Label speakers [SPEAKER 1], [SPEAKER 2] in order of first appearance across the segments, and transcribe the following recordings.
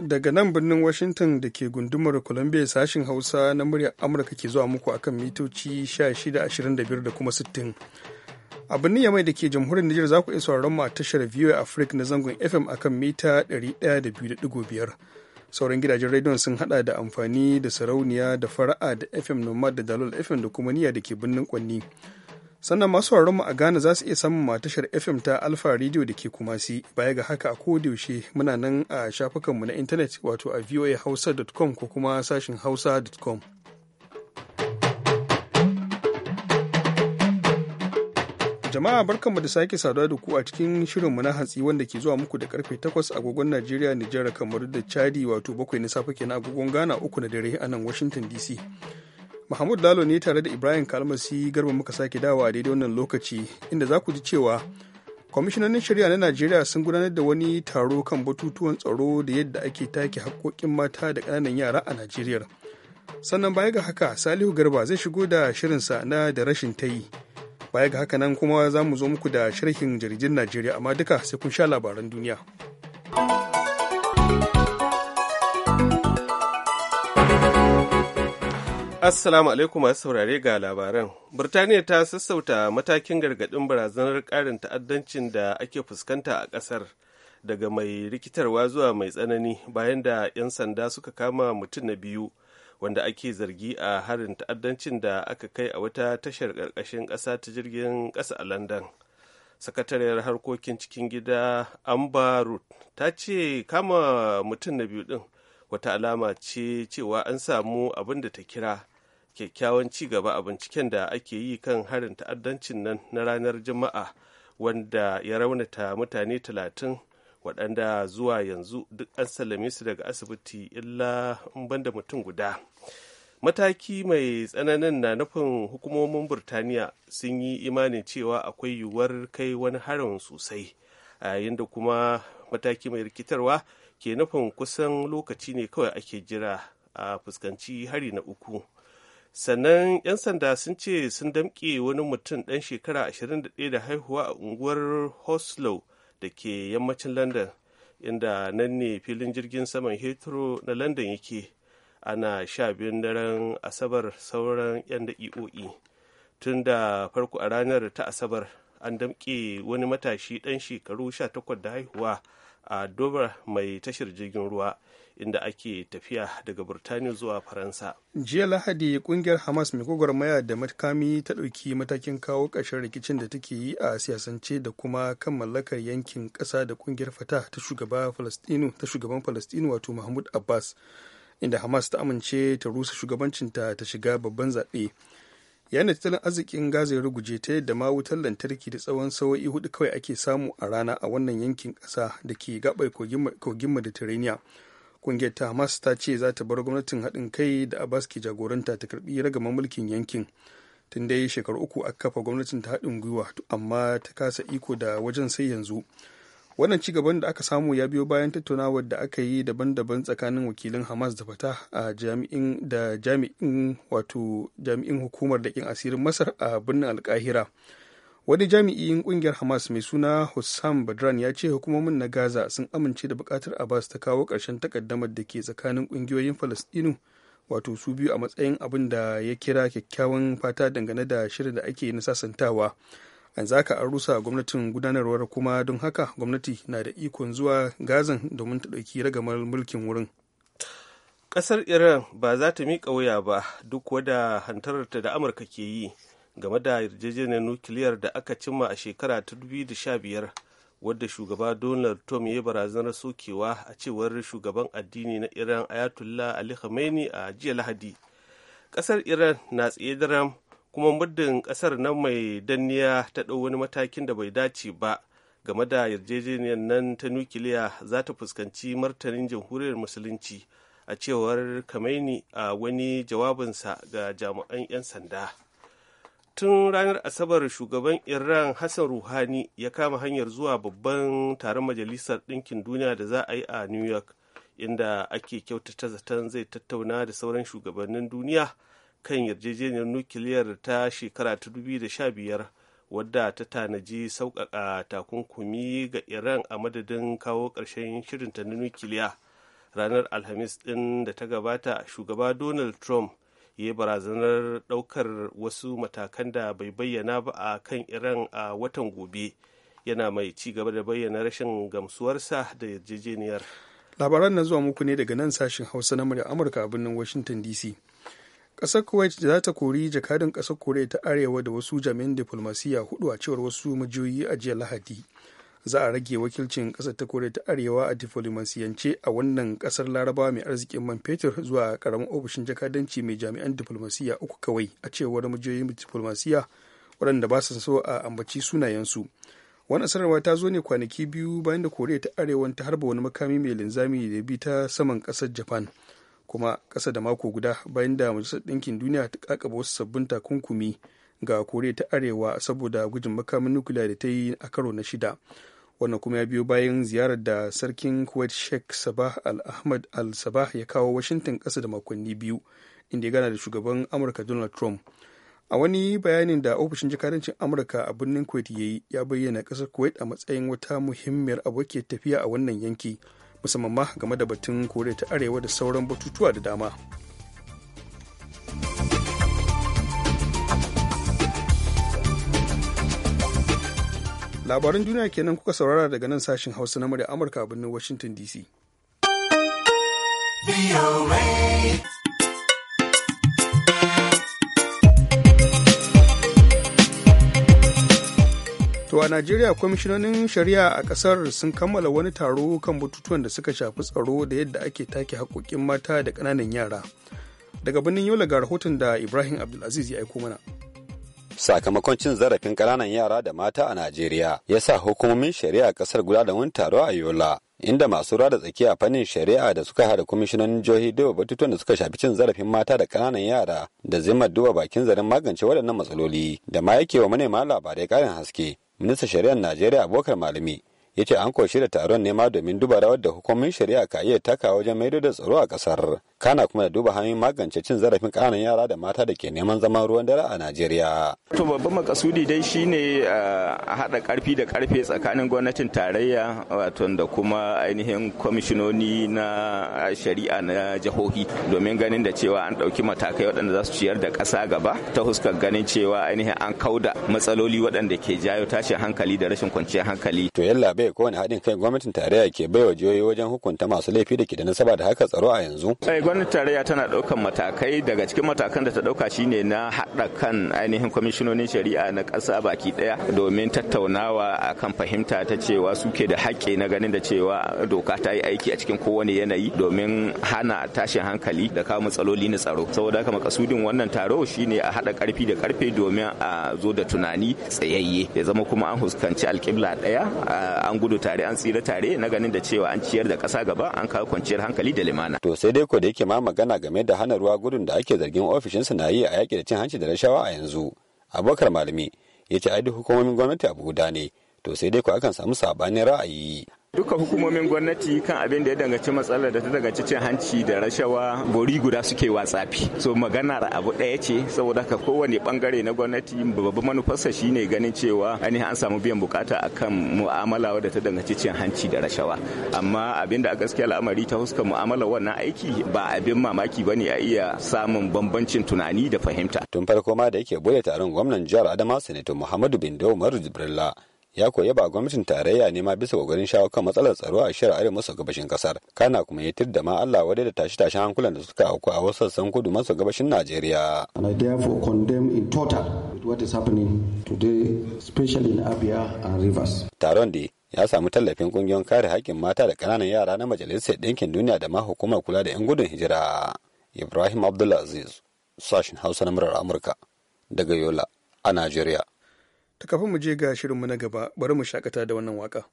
[SPEAKER 1] Daga nan birnin Washington da ke gundumar Columbia sashin Hausa na muryar Amurka ke zuwa muku akan mitoci 1625 da kuma 60. A birnin Yamai da ke jamhuriyar Nijar za ku iya sauraron mu a tashar VOA Africa na zangon FM akan mita 102.5. Sauran gidajen rediyon sun hada da amfani da sarauniya da fara'a da FM Nomad da Dalol FM da kuma niyya da ke birnin Kwanni. sannan masu mu a Ghana za su iya samun matashar FM ta Alfa Radio da ke Kumasi baya ga haka a kodiyaushe muna nan a shafukanmu na intanet wato a voahausa.com ko kuma sashin hausa.com. Jama'a barkanmu da sake saduwa da ku a cikin shirinmu na hantsi wanda ke zuwa muku da karfe 8 agogon Najeriya, Nijar, kamar da Chadi wato bakwai na safe kenan agogon Ghana uku na dare a nan Washington DC. Mahmud Lalo ne tare da Ibrahim Kalmasi garba muka sake dawa a daidai wannan lokaci inda za ku ji cewa kwamishinanin shari'a na Najeriya sun gudanar da wani taro kan batutuwan tsaro da yadda ake take haƙƙoƙin mata da ƙananan yara a Najeriya. Sannan baya ga haka Salihu Garba zai shigo da shirinsa na da rashin ta yi. Baya ga haka nan kuma za mu zo muku da sharhin jaridun Najeriya amma duka sai kun sha labaran duniya.
[SPEAKER 2] Assalamu alaikum masu saurare ga labaran. Birtaniya ta sassauta matakin gargadin barazanar ƙarin ta'addancin da ake fuskanta a ƙasar daga mai rikitarwa zuwa mai tsanani bayan da 'yan sanda suka kama mutum na biyu wanda ake zargi a harin ta'addancin da aka kai a wata tashar ƙarƙashin ƙasa ta jirgin ƙasa a Landan. Sakatariyar harkokin cikin gida Anbarut, ta ce kama mutum na biyu ɗin wata alama ce cewa an samu abin da ta kira kyakkyawan ci gaba a binciken da ake yi kan harin ta'addancin nan na ranar juma'a wanda ya raunata mutane talatin waɗanda zuwa yanzu duk an sallame su daga asibiti illa in banda mutum guda mataki mai tsananin na nufin hukumomin burtaniya sun yi imanin cewa akwai yiwuwar kai wani harin sosai a yayin da kuma mataki mai rikitarwa ke nufin kusan lokaci ne kawai ake jira a fuskanci hari na uku sannan 'yan sanda sun ce sun damƙe wani mutum ɗan shekara 21 da haihuwa a unguwar hoslo da ke yammacin london inda nan ne filin jirgin saman hetro na london yake ana sha biyun daren asabar sauran 'yan daƙiƙo'i tun da farko a ranar ta asabar an damƙe wani matashi ɗan shekaru 18 da haihuwa a dover mai tashar jirgin ruwa inda ake tafiya daga burtaniya zuwa faransa
[SPEAKER 1] jiya lahadi kungiyar hamas mai gwagwarmaya da makami ta ɗauki matakin kawo ƙarshen rikicin da take yi a siyasance da kuma kan mallakar yankin ƙasa da kungiyar fata ta shugaban falastinu wato mahmud abbas inda hamas ta amince ta rusa shugabancinta ta shiga babban zaɓe yana tattalin arzikin gaza ya ruguje ta yadda ma wutar lantarki da tsawon sawa'i hudu kawai ake samu a rana a wannan yankin ƙasa da ke gabar kogin mediterranean kungiyar ta hamas ta ce za ta bar gwamnatin haɗin kai da abbas ke jagoranta ta karbi ragaman mulkin yankin tun dai shekaru uku aka kafa gwamnatin ta haɗin gwiwa amma ta kasa iko da wajen sai yanzu wannan ci gaban da aka samu ya biyo bayan tattaunawar da aka yi daban-daban tsakanin wakilin hamas da fata a jami'in da jami'in wato jami'in hukumar da asirin masar a birnin alkahira wani jami'in kungiyar hamas mai suna hussam badran ya ce hukumomin na gaza sun amince da bukatar abbas ta kawo ƙarshen takaddamar da ke tsakanin kungiyoyin falastinu wato su biyu a matsayin abin da ya kira kyakkyawan fata dangane da shirin da ake na sasantawa yanzu haka an rusa gwamnatin gudanarwar kuma don haka gwamnati na da ikon zuwa gazan domin ta ɗauki ragamar mulkin wurin ƙasar iran ba
[SPEAKER 2] za ta miƙa wuya ba duk wada hantararta da amurka ke yi game da yarjejeniyar nukiliyar da aka cimma a shekara ta da sha biyar wadda shugaba donald trump ya barazanar sokewa a cewar shugaban addini na iran ayatollah ali khamenei a jiya lahadi ƙasar iran na tsaye daren kuma muddin ƙasar nan mai danniya ta ɗau wani matakin da bai dace ba game da yarjejeniyar nan ta nukiliya za ta fuskanci martanin jamhuriyar musulunci a cewar kamaini a wani jawabinsa ga jami'an 'yan sanda tun ranar asabar shugaban iran hassan ruhani ya kama hanyar zuwa babban taron majalisar ɗinkin duniya da za a yi a new york inda ake kyautata zaton zai tattauna da sauran shugabannin duniya kan yarjejeniyar nukiliyar ta shekara ta biyar wadda ta tanaji sauƙaƙa takunkumi ga iran a madadin kawo ƙarshen shirinta na nukiliya ranar alhamis ɗin da ta gabata shugaba donald trump ya barazanar ɗaukar wasu matakan da bai bayyana ba a kan iran a watan gobe yana mai ci gaba da bayyana rashin gamsuwarsa
[SPEAKER 1] da yarjejeniyar labaran na zuwa muku ne daga nan sashen hausa na murya amurka a birnin washington dc ƙasar kuwait za ta kori jakadin kasar koriya ta arewa da wasu jami'an diflomasiyya hudu a cewar wasu majiyoyi a jiya lahadi za a rage wakilcin kasar ta koriya ta arewa a diflomasiyance a wannan ƙasar larabawa mai arzikin man fetur zuwa ƙaramin ofishin jakadanci mai jami'an diflomasiyya uku kawai a cewar majiyoyin diflomasiyya waɗanda ba su so a ambaci sunayensu wannan sanarwa ta zo ne kwanaki biyu bayan da koriya ta arewa ta harba wani makami mai linzami da bi ta saman ƙasar japan kuma ƙasa da mako guda bayan da majalisar ɗinkin duniya ta kakaba wasu sabbin takunkumi ga koriya ta arewa saboda gujin makamin nukiliya da ta yi a karo na shida wannan kuma ya biyo bayan ziyarar da sarkin kuwait sheikh sabah al-ahmad al-sabah ya kawo washington ƙasa da makonni biyu inda ya gana da shugaban amurka donald trump a wani bayanin da ofishin jakadancin amurka a birnin kuwait ya yi ya bayyana ƙasar kuwait a matsayin wata muhimmiyar abokiyar tafiya a wannan yanki musamman ma game da batun koriya ta arewa da sauran batutuwa da dama labaran duniya kenan kuka saurara daga nan sashen hausa na murya amurka a birnin washington dc To a Najeriya kwamishinonin shari'a a ƙasar sun kammala wani taro kan batutuwan da suka shafi tsaro da yadda ake take haƙoƙin mata da ƙananan yara. Daga birnin Yola ga rahoton da Ibrahim Abdulaziz ya aiko mana.
[SPEAKER 3] sakamakon cin zarafin ƙananan yara da mata a Najeriya ya sa hukumomin shari'a ƙasar guda da wani taro a Yola. Inda masu rada tsakiya fannin shari'a da suka hada kwamishinan jihohi duba batutuwan da suka shafi cin zarafin mata da kananan yara da zimmar duba bakin zarin magance waɗannan matsaloli da ma yake wa manema labarai ƙarin haske ministan shari'ar najeriya abokar malami ya ce an koshi da taron nema domin duba rawar da hukumomin shari'a ka iya taka wajen maido da tsaro a kasar kana kuma da duba hanyoyin magance cin zarafin ƙananan
[SPEAKER 4] yara da mata da ke neman zaman ruwan dare a
[SPEAKER 3] najeriya
[SPEAKER 4] to babban makasudi dai shine eh, a haɗa ƙarfi da karfe tsakanin gwamnatin tarayya wato da kuma ainihin kwamishinoni na shari'a na jihohi domin ganin da cewa an ɗauki matakai waɗanda za su ciyar da kasa gaba ta huskar ganin cewa ainihin an kauda matsaloli waɗanda ke jayo tashin hankali da rashin kwanciyar hankali to yalla bai kowane haɗin kai gwamnatin tarayya ke baiwa jihohi wajen hukunta masu laifi da ke da nasaba da haka tsaro a yanzu eh, gwamnatin tarayya tana ɗaukan matakai daga cikin matakan da ta ɗauka shine na haɗa kan ainihin kwamishinonin shari'a na ƙasa baki ɗaya domin tattaunawa a kan fahimta ta cewa suke da haƙƙi na ganin da cewa doka ta yi aiki a cikin kowane yanayi domin hana tashin hankali da kawo matsaloli na tsaro saboda haka makasudin wannan taro shine a haɗa ƙarfi da ƙarfe domin a zo da tunani tsayayye ya zama kuma an huskanci alƙibla ɗaya an gudu tare an tsira tare na ganin da cewa an ciyar da ƙasa gaba an kawo kwanciyar hankali da limana to yake ma magana game da hana ruwa
[SPEAKER 3] gudun da ake zargin ofishinsa na yi a yaƙi da cin hanci da rashawa a yanzu abokar malami ya ce ai duk hukumomin gwamnati abu guda ne to sai dai ku akan samu sabanin ra'ayi
[SPEAKER 4] duka hukumomin gwamnati kan abin da ya danganci matsalar da ta danganci cin hanci da rashawa gori guda suke watsafi so maganar abu daya ce saboda ka kowane bangare na gwamnati babban manufarsa shine ganin cewa ani an samu biyan bukata akan mu'amala da ta danganci cin hanci da rashawa amma abin da a gaskiya al'amari ta huska mu'amala wannan aiki ba abin mamaki bane a iya samun bambancin tunani da fahimta tun farko ma da yake bude taron gwamnan jihar adama sanato
[SPEAKER 3] muhammadu bindo umaru jibrilla ya koyi ba gwamnatin tarayya ne ma bisa kokarin shawo kan matsalar tsaro a shirar arewa maso gabashin kasar kana kuma ya tirda ma Allah wadai da tashi tashi hankulan da suka auku a wasu sassan kudu maso gabashin Najeriya
[SPEAKER 1] and I therefore condemn in total with what is happening today especially in Abia and Rivers
[SPEAKER 3] taron da ya samu tallafin kungiyoyin kare haƙƙin mata da ƙananan yara na majalisar ɗinkin duniya da ma hukumar kula da 'yan gudun hijira ibrahim abdulaziz sashen hausa na murar amurka daga yola a najeriya
[SPEAKER 1] ta kafin mu je ga shirinmu na gaba bari mu shakata da wannan waka.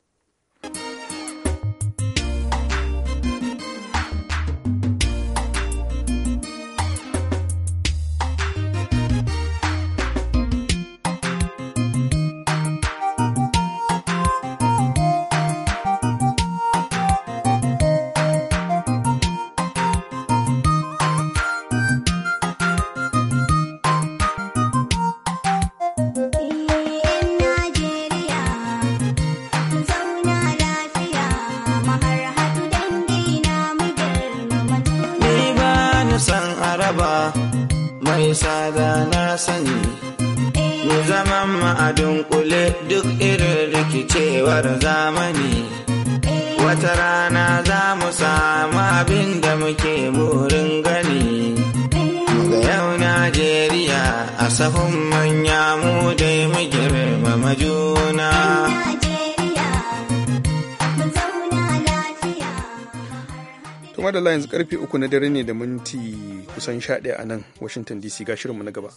[SPEAKER 4] wata rana za mu samu abin da muke burin gani ga yau najeriya a sahun manya mu dai mu girmama juna
[SPEAKER 1] Tuma da yanzu karfe uku na dare ne da minti kusan sha ɗaya a nan washington dc ga shirinmu na gaba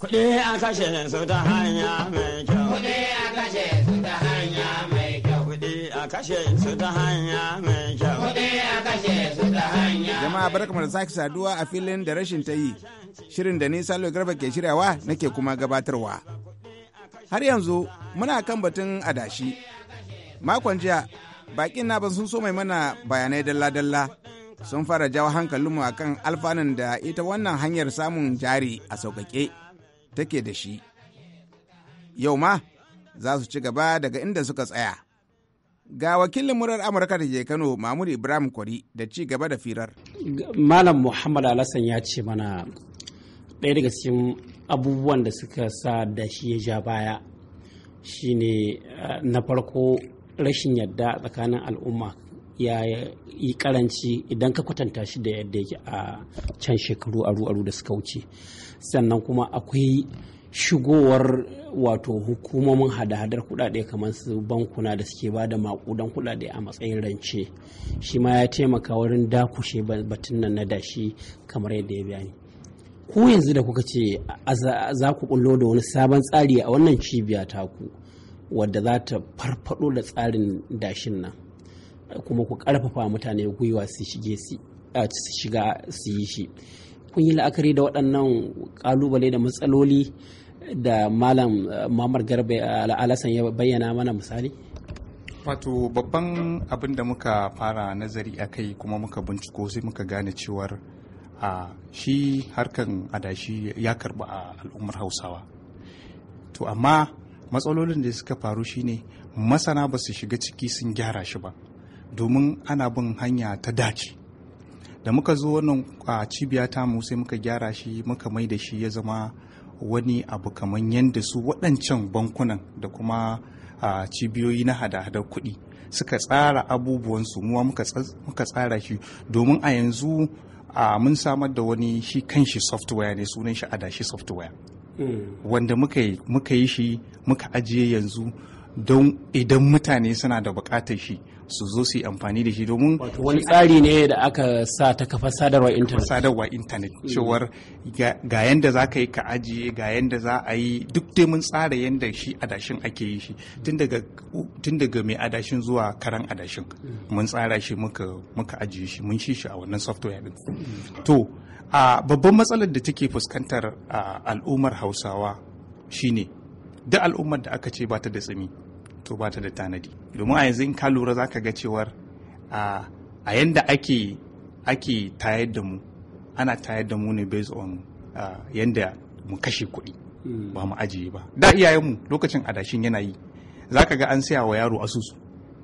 [SPEAKER 5] kuɗi a kashe su ta hanya mai kyau kuɗi a kashe su ta hanya mai kashe su ta
[SPEAKER 6] hanya mai kyau.
[SPEAKER 5] Kuɗi a kashe su ta
[SPEAKER 6] hanya. Jama'a barkamu da sake saduwa a filin da rashin ta yi. Shirin da ni Salo Garba ke shiryawa nake kuma gabatarwa. Har yanzu muna kan batun adashi. Makon jiya bakin na ban sun so mai mana bayanai dalla-dalla. Sun fara jawo hankalinmu akan alfanun da ita wannan hanyar samun jari a sauƙaƙe take da shi. Yau ma za su ci gaba daga inda suka tsaya. Ga wakilin murar Amurka
[SPEAKER 5] da ke Kano Mahmud Ibrahim Kwari da ci gaba da firar. Malam Muhammad alasan ya ce mana ɗaya daga cikin abubuwan da suka sa da shi ya ja baya shine eh, na farko rashin yadda tsakanin al'umma ya yi karanci idan ka kwatanta shi da yadda yake a can shekaru aru-aru da suka wuce sannan kuma akwai shigowar wato hukumomin hada-hadar kudade kamar su bankuna da suke ba da makudan kudade a matsayin rance shi ma ya taimaka wurin dakushe batun nan na dashi kamar yadda ya bayani ku yanzu da kuka ce za ku kullo da wani sabon tsari a wannan cibiya taku wadda za ta farfado da tsarin dashin nan kuma ku karfafa mutane gwiwa su shige su shiga su yi shi kun yi la'akari da waɗannan ƙalubale da matsaloli da malam eh, mamar garba eh, alasan ya bayyana mana misali
[SPEAKER 7] wato babban abin da muka fara nazari a kai kuma muka binciko sai muka gane cewar a shi harkan adashi ya karba a al'ummar hausawa to amma matsalolin da suka faru shine masana ba su shiga ciki sun gyara shi ba domin ana bin hanya ta dace da muka zo wannan a cibiya ta mu sai muka gyara shi muka mai da shi ya zama wani abu kamar yadda su waɗancan bankunan da kuma a cibiyoyi na hada-hadar kuɗi suka tsara abubuwansu muwa muka tsara shi domin a yanzu a mun samar da wani shi kanshi software ne sunan shi adashi software hmm. wanda muka yi shi muka ajiye yanzu don idan mutane suna da bukatar shi su zo su yi amfani da shi domin wani tsari ne da aka
[SPEAKER 5] sa ta kafa sadarwa intanet sadarwa
[SPEAKER 7] intanet mm. cewar ga yanda za ka yi ka ajiye ga yanda za a yi duk dai mun tsara yadda shi adashin ake yi shi tun daga mai adashin zuwa karan adashin mm. mun tsara shi muka ajiye shi mun shi shi a wannan software din mm. to a babban matsalar da take fuskantar al'ummar hausawa shine duk al'ummar da aka ce ba ta da tsami. to ba ta da tanadi domin a yanzu in ka lura za ka ga cewar a yanda ake ake tayar da mu ana tayar da mu ne based on yanda mu kashe kuɗi hmm. ba mu ajiye ba da iyayenmu lokacin adashin yana yi za ka ga an saya wa yaro asusu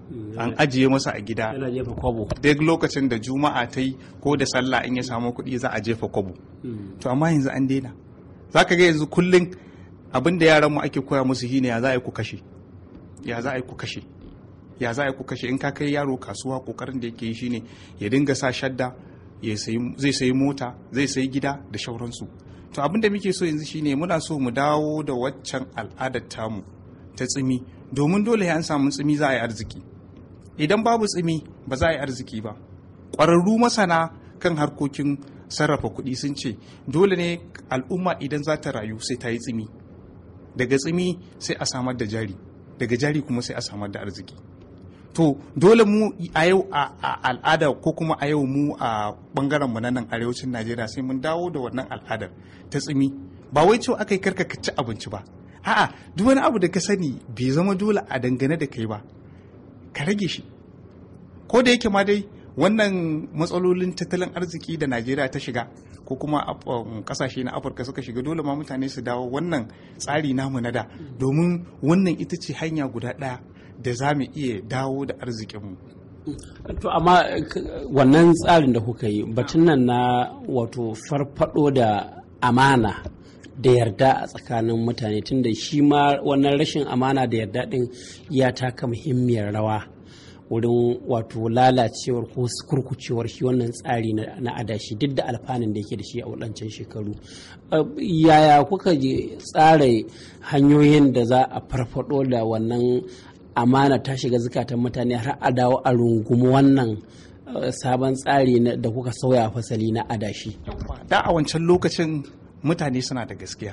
[SPEAKER 7] hmm. an ajiye masa a gida duk lokacin da juma'a ta yi ko da sallah in ya samu kuɗi za a jefa kwabo hmm. to amma yanzu an daina za ka ga yanzu kullum abin da yaranmu ake koya musu shine ya za a yi ku kashe ya za a yi ku kashe ya za a yi ku kashe in ka kai yaro kasuwa kokarin da yake yi shine ya dinga sa shadda zai sayi mota zai sayi gida da shauransu to abin da muke so yanzu shine muna so mu dawo da waccan al'adar tamu ta tsimi domin dole an samu tsimi za a yi arziki idan babu tsimi ba za a yi arziki ba ƙwararru masana kan harkokin sarrafa kuɗi sun ce dole ne al'umma idan za ta rayu sai ta yi tsimi daga tsimi sai a samar da jari daga jari kuma sai a samar da arziki to dole mu a yau a al'ada ko kuma a yau mu a bangaren mu na nan arewacin najeriya sai mun dawo da wannan al'adar ta tsimi ba wai cewa aka yi karka ka ci abinci ba a'a duk wani abu da ka sani bai zama dole a dangane da kai ba ka rage shi ko da yake ma dai wannan matsalolin tattalin arziki da najeriya ta shiga ko kuma kasashe um, na afirka suka shiga dole ma mutane su dawo wannan tsari namu na da domin wannan ita ce hanya guda ɗaya da za mu iya dawo da arzikinmu
[SPEAKER 5] to amma wannan tsarin da kuka yi batun nan na wato farfado da amana da yarda a tsakanin mutane tunda shi ma wannan rashin amana da yarda din ya taka muhimmiyar rawa wurin wato lalacewar ko kurkucewar shi wannan tsari na adashi duk da alfanun da yake da shi a wadancan shekaru eh, yaya kuka je tsara hanyoyin da za a farfado da wannan amana ta shiga zukatan mutane har a dawo a rungumi wannan eh, sabon tsari da kuka sauya fasali na adashi da a wancan lokacin mutane suna da gaskiya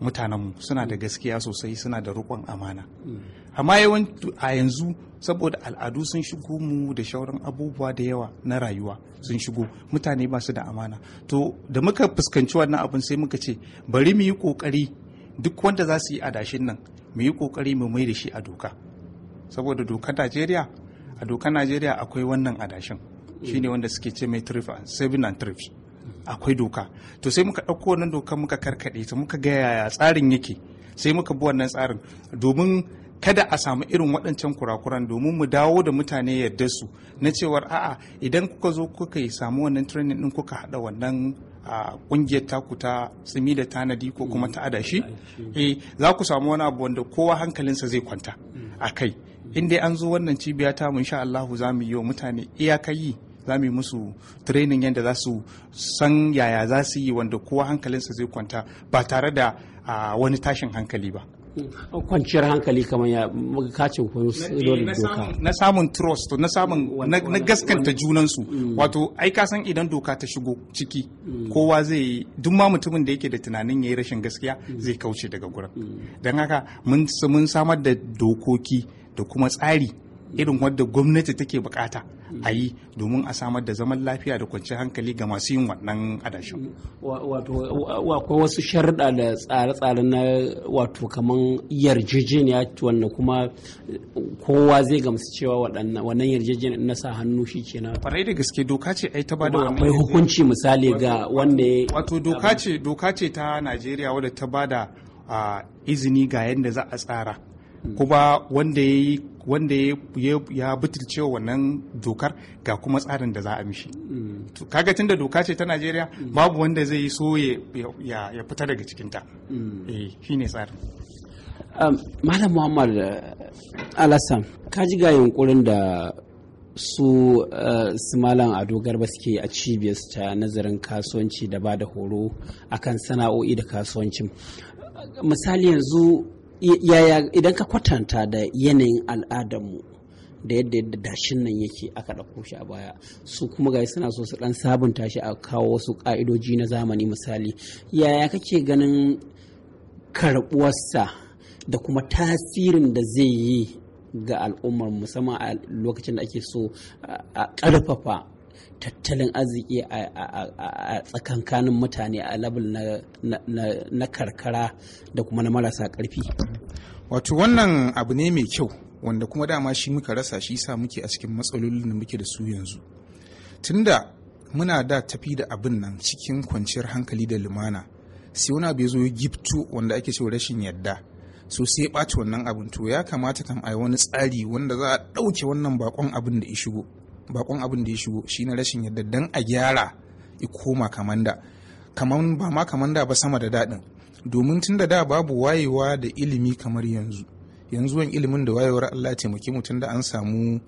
[SPEAKER 5] mutanenmu suna da gaskiya sosai
[SPEAKER 7] suna da riƙon amana mm. amma yawan a yanzu saboda al'adu sun shigo mu da shauran abubuwa da yawa na rayuwa sun shigo mutane ba su da amana to da muka fuskanci wannan abin sai muka ce bari mu yi kokari duk wanda za su yi adashin nan mu yi kokari mu mai da shi a doka saboda dokar Najeriya a dokar Najeriya akwai wannan adashin shine wanda suke ce mai trif seven and trif akwai doka to sai muka ɗauko wannan dokar muka karkaɗe ta muka ga yaya tsarin yake sai muka bi wannan tsarin domin kada a samu irin waɗancan kurakuran domin mu dawo da mutane yadda su na cewar a'a idan kuka zo kuka yi samu wannan training din kuka haɗa wannan a kungiyar taku ta tsimi da tanadi ko kuma ta adashi eh, za ku samu wani abu wanda kowa hankalinsa zai kwanta a kai in dai an zo wannan cibiya ta mun Allahu za mu yi wa mutane yi za mu yi musu training yadda za su san yaya za su yi wanda kowa hankalinsa zai kwanta ba tare da wani tashin hankali ba
[SPEAKER 5] kwanciyar hankali kamar ya kacin eh, doka
[SPEAKER 7] na samun trust na samun na gaskanta junansu mm. wato ai ka san idan doka ta shigo ciki mm. kowa zai duk ma mutumin da yake da tunanin ya yi rashin gaskiya mm. zai kauce daga gurin don haka mun samar da dokoki da kuma tsari irin wadda gwamnati take bukata a yi domin a samar da zaman lafiya da kwanciyar hankali ga masu yin wannan adashin.
[SPEAKER 5] Wato akwai wasu sharuɗa da tsare-tsare na wato kamar yarjejeniya wanda kuma kowa zai gamsu cewa wannan yarjejeniya na sa hannu shi na. Kwarai da gaske doka ce ai ta bada wannan. Akwai hukunci misali ga wanda
[SPEAKER 7] ya. Wato doka ce doka ce ta Najeriya wadda ta bada izini ga yadda za a tsara. kuma wanda ya wanda ya butulce wannan dokar ga kuma tsarin da za a mishi mm. kaga da doka ce ta najeriya mm. babu wanda zai so ya fita daga cikinta mm. eh, shi ne tsarin
[SPEAKER 5] um, malam muhammad uh, alasan ka ji ga yunkurin da su uh, su malam ado garba suke a cibiyar ta nazarin kasuwanci da ba da horo akan sana'o'i da kasuwancin misali yanzu yaya idan ka kwatanta da yanayin al'adarmu da yadda yadda dashin nan yake aka ɗauko shi a baya su kuma gai suna so su ɗan sabunta shi a kawo wasu ƙa'idoji na zamani misali yaya kake ganin karɓuwarsa da kuma tasirin da zai yi ga al'ummar musamman a lokacin da ake so a ƙarfafa tattalin arziki a tsakankanin mutane a labul na karkara da kuma na marasa karfi
[SPEAKER 6] wato wannan abu ne mai kyau wanda kuma dama shi muka rasa shi sa muke a cikin matsalolin da muke da su yanzu tunda muna da tafi da abin nan cikin kwanciyar hankali da lumana sai wani abu ya zo giftu wanda ake cewa rashin yadda so sai ɓaci wannan abin to ya kamata kam a wani tsari wanda za a ɗauke wannan bakon abin da ya shigo bakon abin da ya shigo shi na rashin yadda dan a gyara ya koma kamanda kaman ba ma kamanda ba sama da daɗin domin tun da da babu wayewa da ilimi kamar yanzu yanzu wani ilimin da wayewar Allah mu mutum da an samu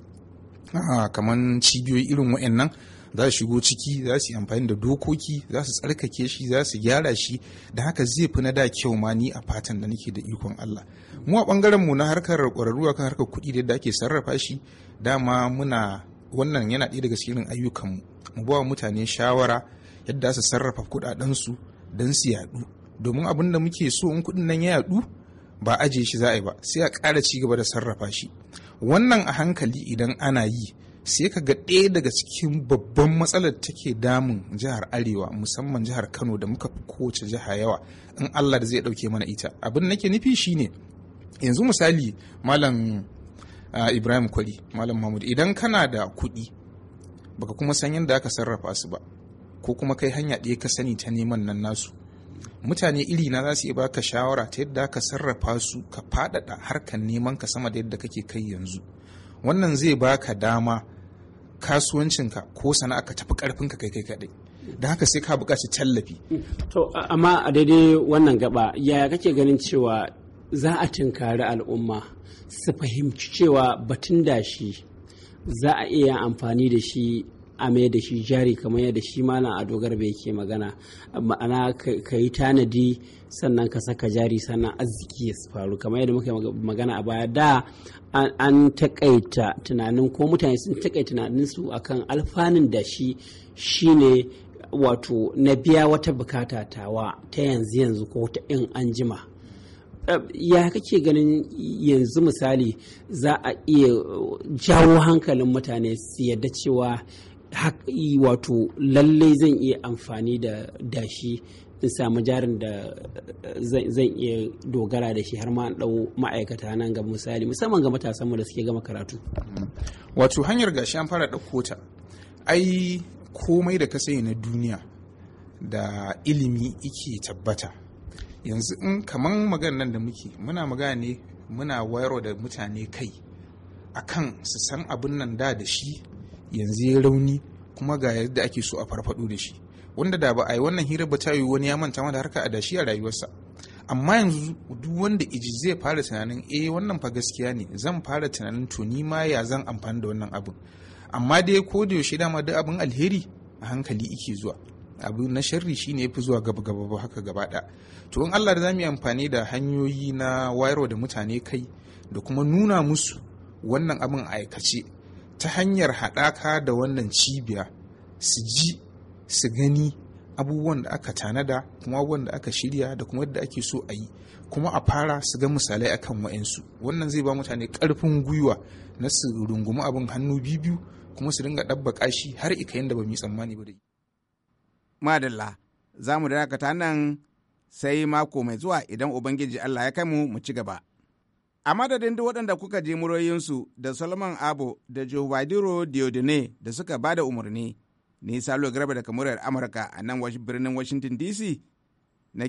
[SPEAKER 6] ah, kaman cibiyoyi irin wa'annan za su shigo ciki za su yi amfani da dokoki za su tsarkake shi za su gyara shi da haka zai fi na da kyau ma ni a fatan da nake da ikon Allah mu a bangaren mu na harkar kwararru kan harkar kuɗi da ake sarrafa shi dama muna wannan yana ɗaya daga cikin ayyukanmu mu ba mutane shawara yadda su sarrafa kuɗaɗensu don su yaɗu domin abin da muke so in kuɗin nan ya yaɗu ba aje shi za a yi ba sai a ƙara ci gaba da sarrafa shi wannan a hankali idan ana yi sai ka ga ɗaya daga cikin babban matsalar take damun jihar arewa musamman jihar kano da muka fi kowace jiha yawa in allah da zai ɗauke mana ita abin nake nufi shine yanzu misali malam ibrahim kwali malam mahmud idan kana da kuɗi baka kuma san yadda aka sarrafa su ba ko kuma kai hanya ɗaya ka sani ta neman nan nasu mutane iri na za su iya baka shawara ta yadda aka sarrafa su ka faɗaɗa harkar neman ka sama da yadda kake kai yanzu wannan zai baka dama kasuwancinka ko sana'a ka tafi ƙarfinka kai kai kaɗai da haka sai ka buƙaci tallafi.
[SPEAKER 5] To amma a daidai wannan gaba yaya kake ganin cewa za a tinkari al'umma su fahimci cewa batun da shi za a iya amfani da shi a mai da shi jari kamar yadda shi malam a dogar bai ke magana ma'ana ka yi tanadi sannan ka saka jari sannan arziki ya faru kamar yadda muka magana a baya da an takaita tunanin ko mutane sun takaita tunaninsu akan alfanun da shi shine wato na biya wata bukata tawa ta yanzu yanzu ko ta in anjima Eh, ya kake ganin yanzu misali za a iya jawo hankalin mutane su yadda cewa wato lallai zan iya amfani da dashi in samu jarin da eh, zan iya dogara da shi har ma ɗau ma'aikata nan ga misali musamman ga matasanmu da suke gama karatu mm. wato hanyar gashi an fara ɗauko ta ai komai da ka na duniya da
[SPEAKER 6] ilimi ike tabbata yanzu in kamar magana nan da muke muna magana ne muna wayarwa da mutane kai akan su san abin nan da da shi yanzu ya rauni kuma ga yadda ake so a farfado da shi wanda da ba a yi wannan hira ba ta yi wani ya manta da harka a dashi a rayuwarsa amma yanzu duk wanda iji zai fara tunanin eh wannan fa gaskiya ne zan fara tunanin to ni ma ya zan amfani da wannan abin amma dai ko da yaushe dama duk abin alheri a hankali ike zuwa abu na sharri shine fi zuwa gaba gaba haka gaba da to in Allah da zamu yi amfani da hanyoyi na wayarwa da mutane kai da kuma nuna musu wannan abin aikace ta hanyar haɗaka da wannan cibiya su ji su gani abubuwan da aka tanada kuma abubuwan da aka shirya da kuma yadda ake so a yi kuma a fara su ga misalai akan wa'insu wannan zai ba mutane ƙarfin gwiwa na su rungumi abin hannu biyu kuma su dinga ɗabba ƙashi har ikayen da ba mu yi tsammani ba da yi madalla za mu dakata nan sai mako mai zuwa idan ubangiji allah ya kai mu mu ci gaba a madadin duk waɗanda kuka ji muroyinsu da solomon abo da jovadiro diodine da suka ba da umarni ni salo garba daga muryar amurka a nan birnin washington dc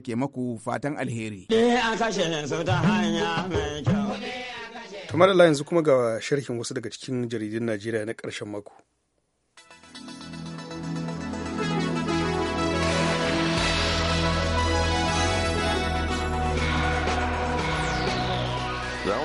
[SPEAKER 6] ke maku fatan alheri
[SPEAKER 1] kamar da yanzu kuma ga sharhin wasu daga cikin jaridun najeriya na ƙarshen
[SPEAKER 5] mako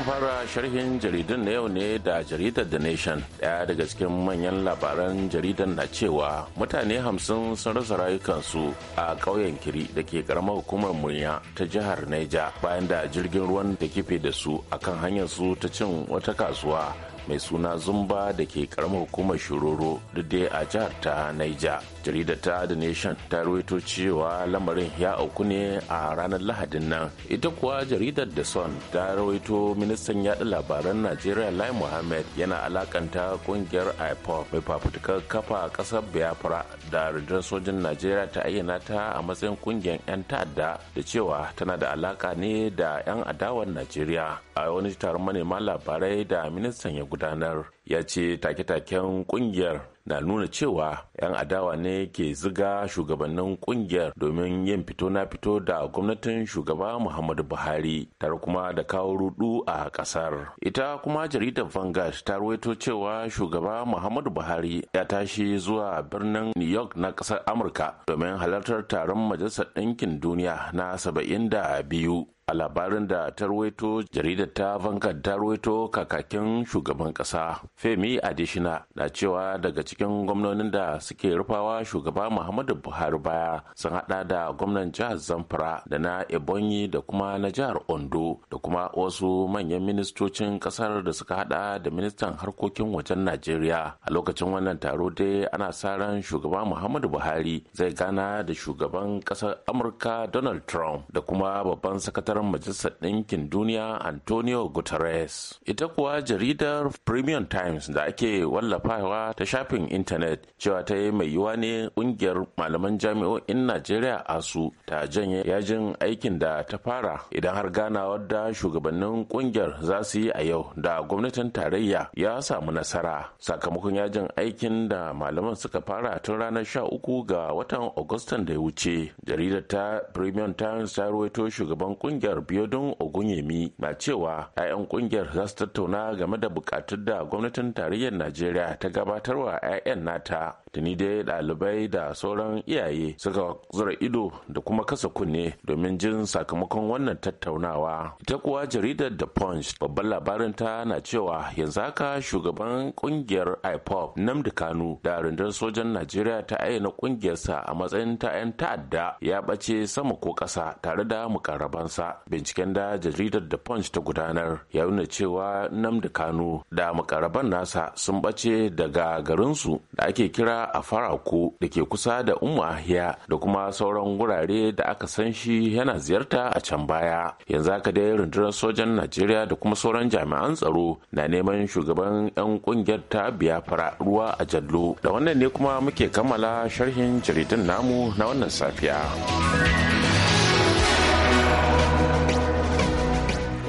[SPEAKER 8] fara sharhin jaridun na yau ne da jaridar The Nation. Daya daga cikin manyan labaran jaridar na cewa mutane hamsin sun rasa rayukansu a ƙauyen Kiri da ke karamar hukumar Murya ta jihar niger bayan da jirgin ruwan da kife da su akan hanyar su ta cin wata kasuwa mai suna zumba da ke karamar hukumar shiroro dai a jihar ta naija jarida ta the nation ta rawaito cewa lamarin ya auku ne a ranar lahadin nan ita kuwa jaridar the sun ta rawaito ministan yada labaran najeriya lai muhammad yana alakanta kungiyar ipop mai fafutukar kafa kasar biafra da rundunar sojin najeriya ta ayyana ta a matsayin kungiyar 'yan ta'adda da cewa tana da alaka ne da 'yan adawar najeriya a wani taron manema labarai da ministan ya gudanar ya ce take-taken kungiyar na nuna cewa 'yan adawa ne ke ziga shugabannin kungiyar domin yin fito na fito da gwamnatin shugaba muhammadu buhari tare kuma da kawo rudu a kasar ita kuma jaridar vangard ta ruwaito cewa shugaba muhammadu buhari ya tashi zuwa birnin new york na kasar amurka domin halartar taron majalisar ɗinkin duniya na saba'in da biyu a labarin da tarwaito jaridar ta ta tarwaito kakakin shugaban kasa femi adishina na cewa daga cikin gwamnonin da suke rufawa shugaba muhammadu buhari baya sun hada da gwamnan jihar zamfara da na ebonyi da kuma na jihar ondo da kuma wasu manyan ministocin kasar da suka hada da ministan harkokin wajen najeriya a lokacin wannan taro dai ana sa ran shugaba muhammadu buhari zai gana da shugaban kasar amurka donald trump da kuma babban sakataren majalisar ɗinkin duniya antonio guterres ita kuwa jaridar premium times da ake wallafawa ta shafin intanet cewa ta dai mai yiwa ne ƙungiyar malaman jami'o'in najeriya asu ta janye yajin aikin da ta fara idan har ganawar da shugabannin ƙungiyar za su yi a yau da gwamnatin tarayya ya samu nasara sakamakon yajin aikin da malaman suka fara tun ranar sha uku ga watan agustan da ya wuce jaridar ta premium times ta ruwaito shugaban kungiyar biodun ogunyemi na cewa 'ya'yan ƙungiyar za su tattauna game da bukatun da gwamnatin tarayyar najeriya ta gabatarwa 'ya'yan nata tuni dai ɗalibai da sauran iyaye suka zura ido da kuma kasa kunne domin jin sakamakon wannan tattaunawa ita kuwa jaridar the punch babban labarin ta na cewa yanzu haka shugaban kungiyar ipop namdi kanu da rundunar sojan najeriya ta ayyana kungiyarsa a matsayin ta 'yan ta'adda ya ɓace sama ko ƙasa tare da mukarrabansa binciken da jaridar the punch ta gudanar ya nuna cewa namdi kanu da mukarraban nasa sun bace daga garinsu da ake kira a farako da ke kusa da umahiya da kuma sauran wurare da aka san shi yana ziyarta a can baya yanzu haka dai rundunar sojan najeriya da kuma sauran jami'an tsaro na neman shugaban 'yan kungiyar ta biyafara ruwa a jallo da wannan ne kuma muke kammala sharhin jaridun namu na wannan safiya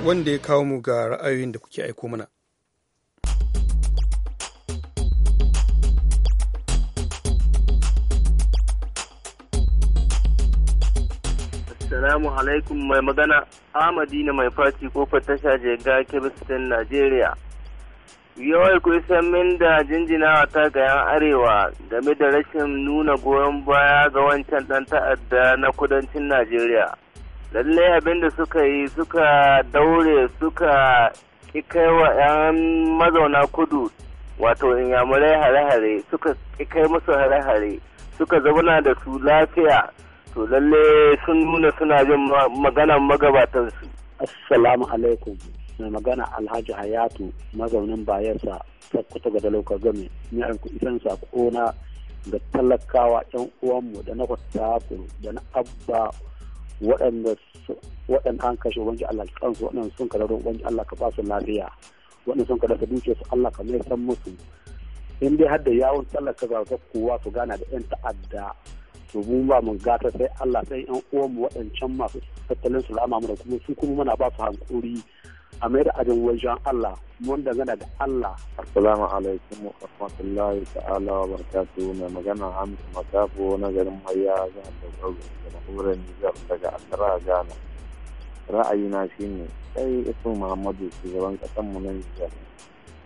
[SPEAKER 8] wanda ya kawo
[SPEAKER 1] mu ga ra'ayoyin da kuke aiko mana
[SPEAKER 5] Assalamu alaikum mai magana Amadina mai faci kofar tasha jega Kiristin Najeriya. Yawai ku san min da jinjina ta ga yan arewa game da rashin nuna goyon baya ga wancan ɗan ta'adda na kudancin Najeriya. lalle abin da suka yi suka daure suka ki kai wa 'yan mazauna kudu wato inyamurai hare-hare suka kai musu hare-hare suka zauna da su lafiya to lalle sun nuna suna jin maganan magabatansu assalamu alaikum mai magana alhaji hayatu mazaunin bayelsa kuta ga dalauka game ni an isan sako na ga talakawa yan uwanmu da na kwatakuru da na abba waɗanda an kashe wani Allah ka kansu waɗanda sun kada wani Allah ka su lafiya waɗanda sun kada ka duke su Allah ka mai san musu in dai har da yawon talaka ga kowa su gana da yan ta'adda to mu ba mun gata sai Allah sai yan uwan mu waɗancan masu tattalin su la'ama da kuma su kuma muna ba su hankuri a mai da ajin wajen Allah mun gana da Allah
[SPEAKER 8] assalamu alaikum wa rahmatullahi ta'ala wa barakatu mai magana Hamdu Makafo na garin Maiya zan da gauru da Nijar daga Accra Ghana ra'ayina shine sai Isu Muhammadu shugaban kasan mu na Nijar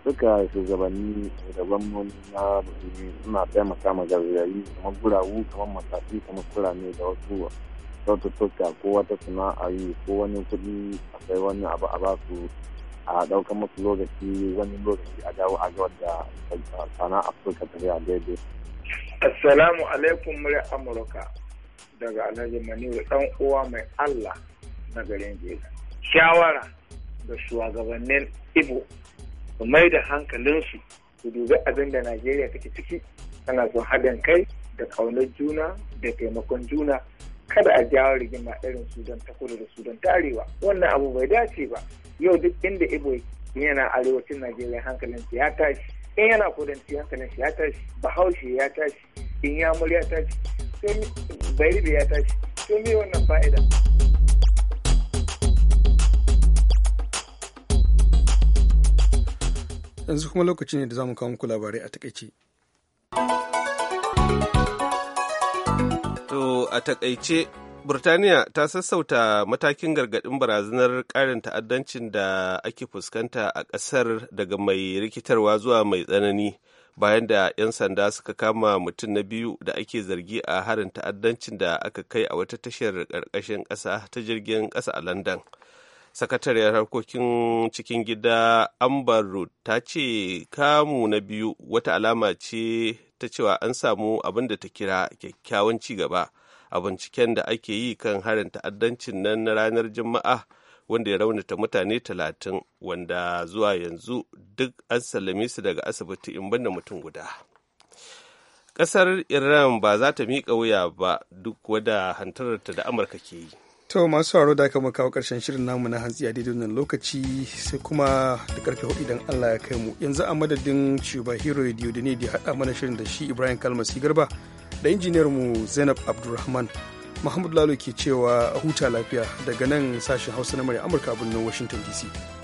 [SPEAKER 8] duka shugabanni da gwamnoni na musulmi suna taimaka ma gargayi kamar guragu kamar matafi kamar kurame da wasu kyaututtuka ko wata sana'a yi ko wani kuɗi a sai wani abu a basu a ɗaukar musu lokaci wani lokaci a dawo a gawar da sana'a suka tafiya daidai.
[SPEAKER 6] Assalamu alaikum murya Amurka daga Alhaji maniwa dan uwa mai Allah na garin jiya Shawara da shugabannin Ibo su mai da hankalinsu su dubi abin da najeriya take ciki tana so haɗin kai da kaunar juna da taimakon juna kada a jawo rigima irin sudan ta kudu da sudan ta arewa wannan abu bai dace ba yau duk inda ibo yana arewacin najeriya hankalinsa ya tashi in yana kudanci hankalinsa ya tashi bahaushe ya tashi in ya tashi sai bai ya tashi sai me wannan fa'ida
[SPEAKER 1] yanzu kuma lokaci ne da za mu kawo muku labarai a takaice.
[SPEAKER 2] To a takaice Burtaniya ta sassauta matakin gargaɗin barazanar ƙarin ta'addancin da ake fuskanta a ƙasar daga mai rikitarwa zuwa mai tsanani bayan da 'yan sanda suka kama mutum na biyu da ake zargi a harin ta'addancin da aka kai a wata tashar ƙarƙashin ƙasa ta jirgin ƙasa a London. sakatariyar harkokin cikin gida amber root ta ce kamu na biyu wata alama ce ta cewa an samu abin da ta kira kyakkyawan cigaba a binciken da ake yi kan harin ta'addancin nan na ranar juma'a wanda ya raunata mutane talatin wanda zuwa yanzu duk an sallame su daga asibiti in banda mutum guda ƙasar iran ba za ta miƙa wuya ba duk wada hantararta da amurka ke yi
[SPEAKER 1] To masu sauraro da aka mu kawo karshen shirin namu na hantsi a daidai wannan lokaci sai kuma da karfe hudu idan Allah ya kai mu yanzu a madadin Cuba Hero Radio da ne da haɗa mana shirin da shi Ibrahim Kalmasi Garba da injiniyar mu Zainab Abdulrahman Muhammadu Lalo ke cewa huta lafiya daga nan sashen Hausa na Amurka birnin Washington DC.